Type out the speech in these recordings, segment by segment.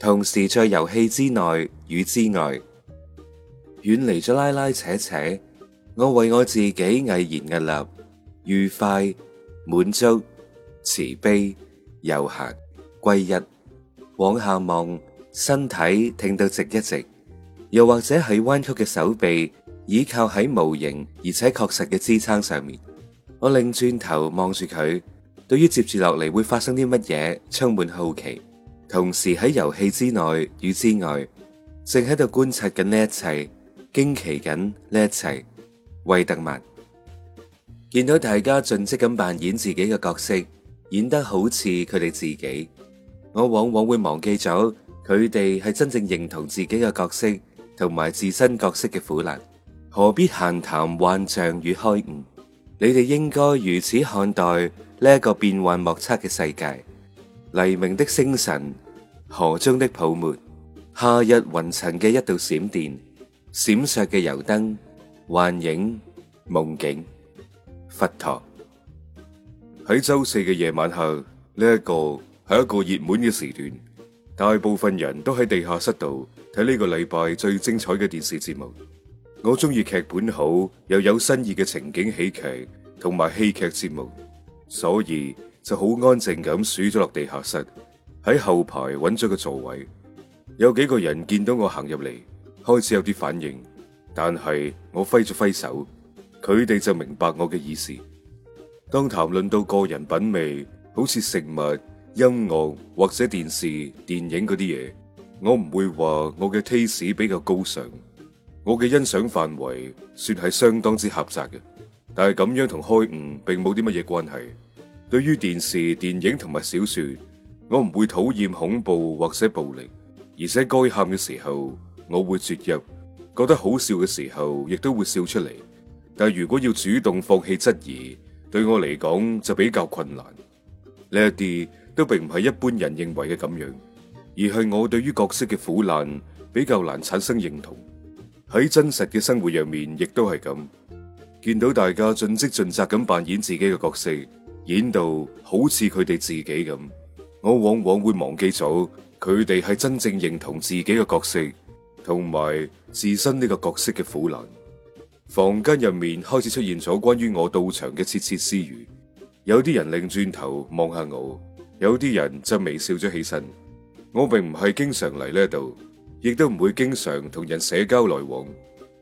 同時，在遊戲之內與之外，遠離咗拉拉扯扯，我為我自己毅然屹立，愉快、滿足、慈悲、悠閒、歸一。往下望，身體挺到直一直，又或者喺彎曲嘅手臂倚靠喺無形而且確實嘅支撐上面。我擰轉頭望住佢，對於接住落嚟會發生啲乜嘢充滿好奇。同時喺遊戲之內與之外，正喺度觀察緊呢一切，驚奇緊呢一切。惠特曼見到大家盡職咁扮演自己嘅角色，演得好似佢哋自己。我往往會忘記咗佢哋係真正認同自己嘅角色同埋自身角色嘅苦難。何必閒談幻相與開悟？你哋應該如此看待呢一個變幻莫測嘅世界。黎明的星辰。河中的泡沫，夏日雲層嘅一道閃電，閃爍嘅油燈，幻影夢境，佛陀。喺周四嘅夜晚後呢、這個、一個係一個熱門嘅時段，大部分人都喺地下室度睇呢個禮拜最精彩嘅電視節目。我中意劇本好又有新意嘅情景喜劇同埋戲劇節目，所以就好安靜咁數咗落地下室。喺後排揾咗個座位，有幾個人見到我行入嚟，開始有啲反應。但係我揮咗揮手，佢哋就明白我嘅意思。當談論到個人品味，好似食物、音樂或者電視、電影嗰啲嘢，我唔會話我嘅 taste 比較高尚，我嘅欣賞範圍算係相當之狹窄嘅。但係咁樣同開悟並冇啲乜嘢關係。對於電視、電影同埋小說，我唔會討厭恐怖或者暴力，而且該喊嘅時候我會啜泣，覺得好笑嘅時候亦都會笑出嚟。但如果要主動放棄質疑，對我嚟講就比較困難。呢一啲都並唔係一般人認為嘅咁樣，而係我對於角色嘅苦難比較難產生認同。喺真實嘅生活入面，亦都係咁，見到大家盡職盡責咁扮演自己嘅角色，演到好似佢哋自己咁。我往往會忘記咗佢哋係真正認同自己嘅角色，同埋自身呢個角色嘅苦難。房間入面開始出現咗關於我到場嘅竊竊私語，有啲人擰轉，轉頭望下我，有啲人就微笑咗起身。我並唔係經常嚟呢度，亦都唔會經常同人社交來往，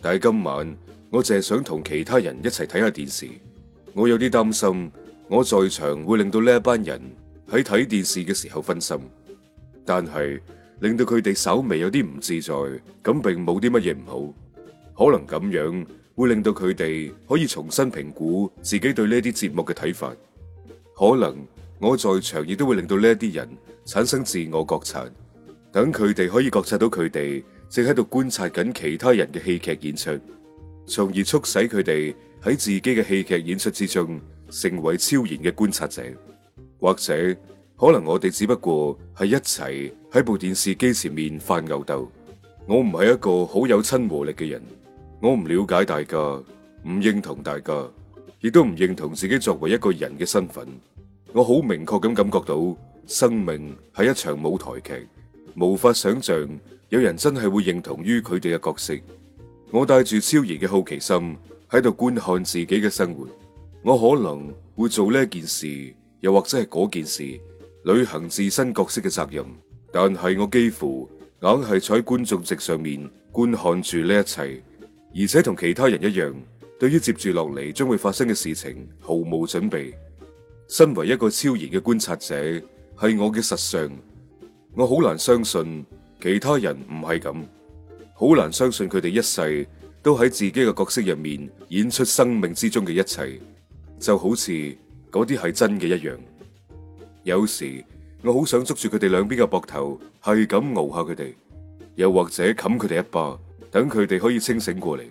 但係今晚我淨係想同其他人一齊睇下電視。我有啲擔心，我在場會令到呢一班人喺睇電視嘅時候分心，但係令到佢哋稍微有啲唔自在，咁並冇啲乜嘢唔好，可能咁樣會令到佢哋可以重新評估自己對呢啲節目嘅睇法。可能我在場亦都會令到呢一啲人產生自我覺察，等佢哋可以覺察到佢哋正喺度觀察緊其他人嘅戲劇演出，從而促使佢哋喺自己嘅戲劇演出之中成爲超然嘅觀察者。或者可能我哋只不過係一齊喺部電視機前面發吽哣。我唔係一個好有親和力嘅人，我唔了解大家，唔認同大家，亦都唔認同自己作為一個人嘅身份。我好明確咁感覺到，生命係一場舞台劇，無法想象有人真係會認同於佢哋嘅角色。我帶住超然嘅好奇心喺度觀看自己嘅生活，我可能會做呢件事。又或者係嗰件事，履行自身角色嘅責任，但係我幾乎硬係坐在觀眾席上面觀看住呢一切，而且同其他人一樣，對於接住落嚟將會發生嘅事情毫無準備。身為一個超然嘅觀察者，係我嘅實相，我好難相信其他人唔係咁，好難相信佢哋一世都喺自己嘅角色入面演出生命之中嘅一切，就好似。嗰啲係真嘅一樣。有時我好想捉住佢哋兩邊嘅膊頭，係咁搖下佢哋，又或者冚佢哋一巴，等佢哋可以清醒過嚟。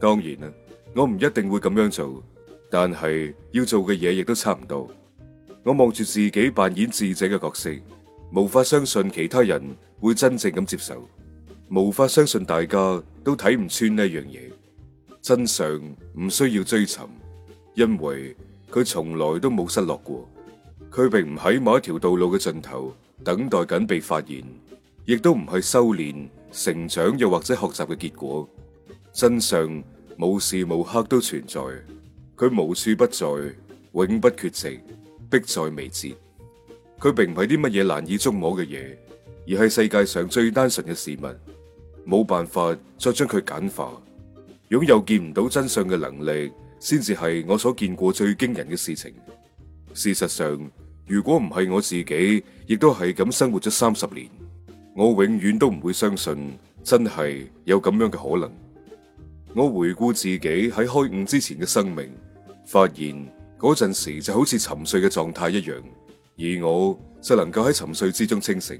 當然啦，我唔一定會咁樣做，但係要做嘅嘢亦都差唔多。我望住自己扮演智者嘅角色，無法相信其他人會真正咁接受，無法相信大家都睇唔穿呢樣嘢。真相唔需要追尋，因為。佢從來都冇失落過，佢並唔喺某一條道路嘅盡頭等待緊被發現，亦都唔係修煉、成長又或者學習嘅結果。真相無時無刻都存在，佢無處不在，永不缺席，迫在眉睫。佢並唔係啲乜嘢難以捉摸嘅嘢，而係世界上最單純嘅事物，冇辦法再將佢簡化，擁有見唔到真相嘅能力先至係我所見過最驚人嘅事情。事實上，如果唔係我自己，亦都係咁生活咗三十年，我永遠都唔會相信真係有咁樣嘅可能。我回顧自己喺開悟之前嘅生命，發現嗰陣時就好似沉睡嘅狀態一樣，而我就能夠喺沉睡之中清醒。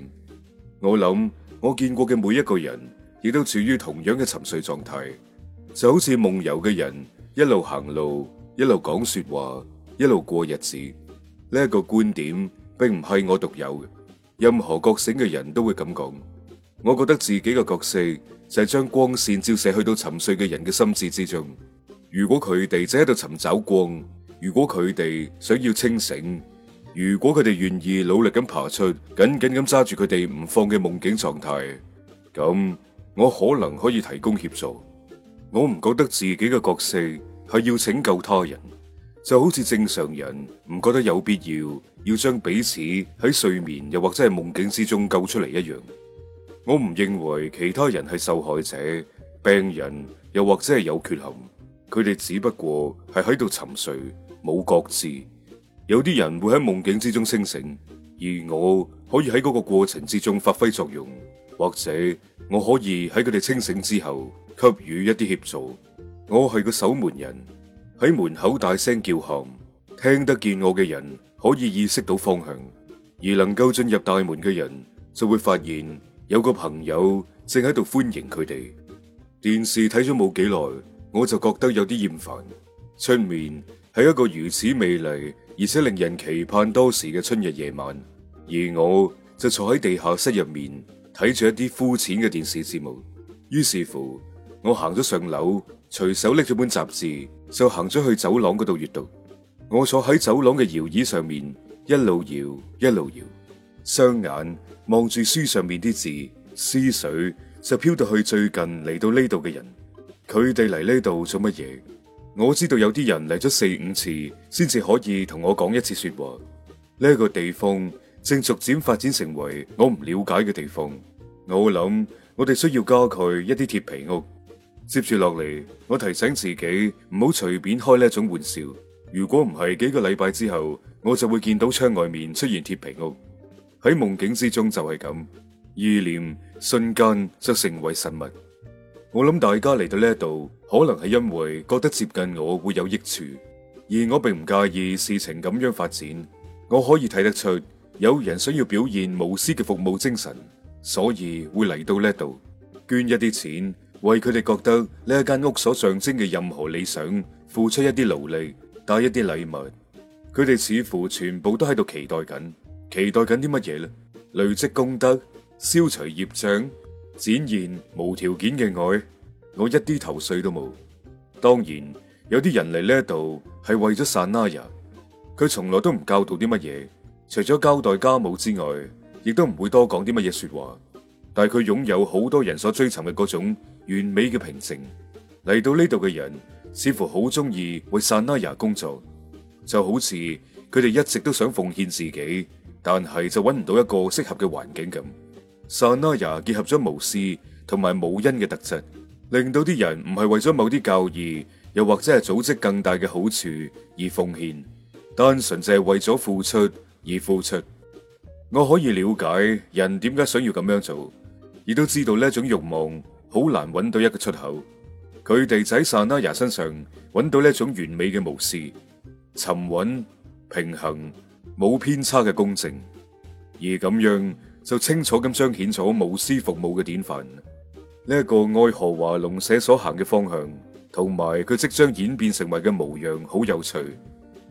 我諗我見過嘅每一個人，亦都處於同樣嘅沉睡狀態，就好似夢遊嘅人，一路行路，一路講說話，一路過日子。呢、這、一個觀點並唔係我獨有嘅，任何覺醒嘅人都會咁講。我覺得自己嘅角色就係將光線照射去到沉睡嘅人嘅心智之中。如果佢哋正喺度尋找光，如果佢哋想要清醒，如果佢哋願意努力咁爬出緊緊咁揸住佢哋唔放嘅夢境狀態，咁我可能可以提供協助。我唔覺得自己嘅角色係要拯救他人，就好似正常人唔覺得有必要要將彼此喺睡眠又或者係夢境之中救出嚟一樣。我唔認為其他人係受害者、病人又或者係有缺陷，佢哋只不過係喺度沉睡，冇覺知。有啲人會喺夢境之中清醒，而我可以喺嗰個過程之中發揮作用，或者我可以喺佢哋清醒之後。給予一啲協助，我係個守門人，喺門口大聲叫喊，聽得見我嘅人可以意識到方向，而能夠進入大門嘅人就會發現有個朋友正喺度歡迎佢哋。電視睇咗冇幾耐，我就覺得有啲厭煩。出面係一個如此美麗而且令人期盼多時嘅春日夜晚，而我就坐喺地下室入面睇住一啲膚淺嘅電視節目，於是乎。我行咗上樓，隨手拎咗本雜誌，就行咗去走廊嗰度閱讀。我坐喺走廊嘅搖椅上面，一路搖一路搖，雙眼望住書上面啲字，思緒就飄到去最近嚟到呢度嘅人。佢哋嚟呢度做乜嘢？我知道有啲人嚟咗四五次，先至可以同我講一次說話。呢個地方正逐漸發展成為我唔了解嘅地方。我諗我哋需要加佢一啲鐵皮屋。接住落嚟，我提醒自己唔好隨便開呢一種玩笑。如果唔係幾個禮拜之後，我就會見到窗外面出現鐵皮屋。喺夢境之中就係咁，意念瞬間就成為神物。我諗大家嚟到呢一度，可能係因為覺得接近我會有益處，而我並唔介意事情咁樣發展。我可以睇得出，有人想要表現無私嘅服務精神，所以會嚟到呢度捐一啲錢。為佢哋覺得呢一間屋所象徵嘅任何理想，付出一啲勞力，帶一啲禮物，佢哋似乎全部都喺度期待緊，期待緊啲乜嘢咧？累積功德，消除業障，展現無條件嘅愛，我一啲頭緒都冇。當然有啲人嚟呢一度係為咗薩那亞，佢從來都唔教導啲乜嘢，除咗交代家務之外，亦都唔會多講啲乜嘢說話，但係佢擁有好多人所追尋嘅嗰種完美嘅平靜。嚟到呢度嘅人，似乎好中意為薩那雅工作，就好似佢哋一直都想奉獻自己，但係就揾唔到一個適合嘅環境咁。薩那雅結合咗無私同埋無恩嘅特質，令到啲人唔係為咗某啲教義，又或者係組織更大嘅好處而奉獻，單純就係為咗付出而付出。我可以了解人點解想要咁樣做，亦都知道呢一種欲望。好難揾到一個出口，佢哋喺薩那亞身上揾到呢一種完美嘅模式，沉穩、平衡、冇偏差嘅公正，而咁樣就清楚咁彰顯咗無私服務嘅典範。呢、這、一個愛荷華農社所行嘅方向，同埋佢即將演變成為嘅模樣，好有趣。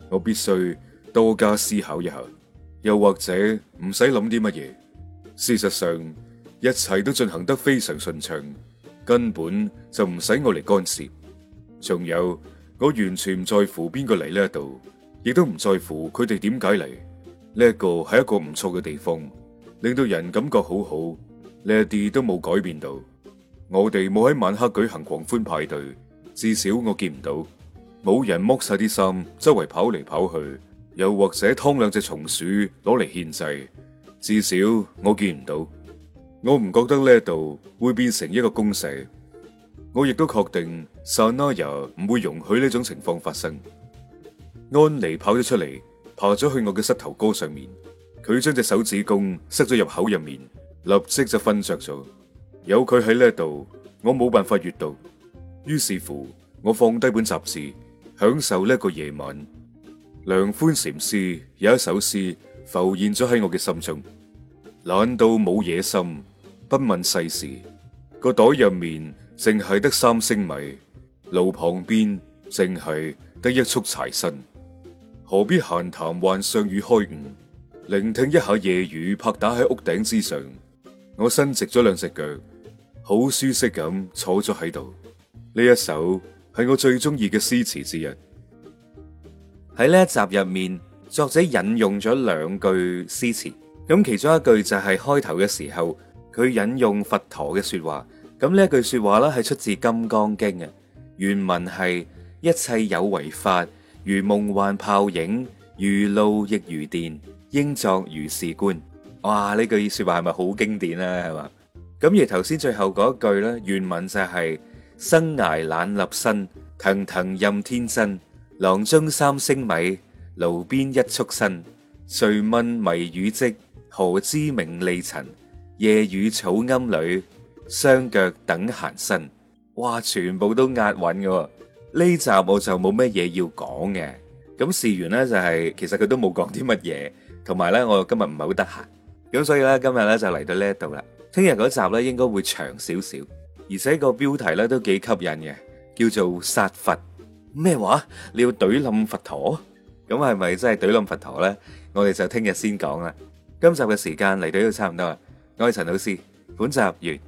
我必須多加思考一下，又或者唔使諗啲乜嘢。事實上，一切都進行得非常順暢。根本就唔使我嚟干涉，仲有我完全唔在乎邊個嚟呢一度，亦都唔在乎佢哋點解嚟。呢一個係一個唔錯嘅地方，令到人感覺好好。呢一啲都冇改變到，我哋冇喺晚黑舉行狂歡派對，至少我見唔到冇人剝晒啲衫，周圍跑嚟跑去，又或者劏兩隻松鼠攞嚟獻祭，至少我見唔到。我唔覺得呢一度會變成一個公社，我亦都確定 Sanaya 唔會容許呢種情況發生。安妮跑咗出嚟，爬咗去我嘅膝頭哥上面，佢將隻手指公塞咗入口入面，立即就瞓着咗。有佢喺呢一度，我冇辦法閱讀。於是乎，我放低本雜誌，享受呢一個夜晚。良寬禪師有一首詩浮現咗喺我嘅心中：懶到冇野心。.不問世事，個袋入面淨係得三升米，路旁邊淨係得一束柴薪。何必閒談幻相與開悟，聆聽一下夜雨拍打喺屋頂之上，我伸直咗兩隻腳，好舒適咁坐咗喺度。呢一首係我最中意嘅詩詞之一。喺呢一集入面，作者引用咗兩句詩詞，咁其中一句就係、是、開頭嘅時候。佢引用佛陀嘅說話，咁呢一句說話咧係出自《金剛經》啊，原文係一切有為法，如夢幻泡影，如露亦如電，應作如是觀。哇，呢句說話係咪好經典啊？係嘛，咁而頭先最後嗰句咧，原文就係、是、生涯懶立身，騰騰任天真，囊中三升米，爐邊一束薪。誰問迷與迹？何知名利塵？夜雨草庵裏，雙腳等閒身，哇！全部都押韻嘅，呢集我就冇乜嘢要講嘅。咁事完咧就係，其實佢都冇講啲乜嘢，同埋咧我今日唔係好得閒，咁所以咧今日咧就嚟到呢一度啦。聽日嗰集咧應該會長少少，而且個標題咧都幾吸引嘅，叫做殺佛。咩話？你要懟冧佛陀？咁係咪真係懟冧佛陀咧？我哋就聽日先講啦。今集嘅時間嚟到都差唔多啦。我係陳老師，本集完。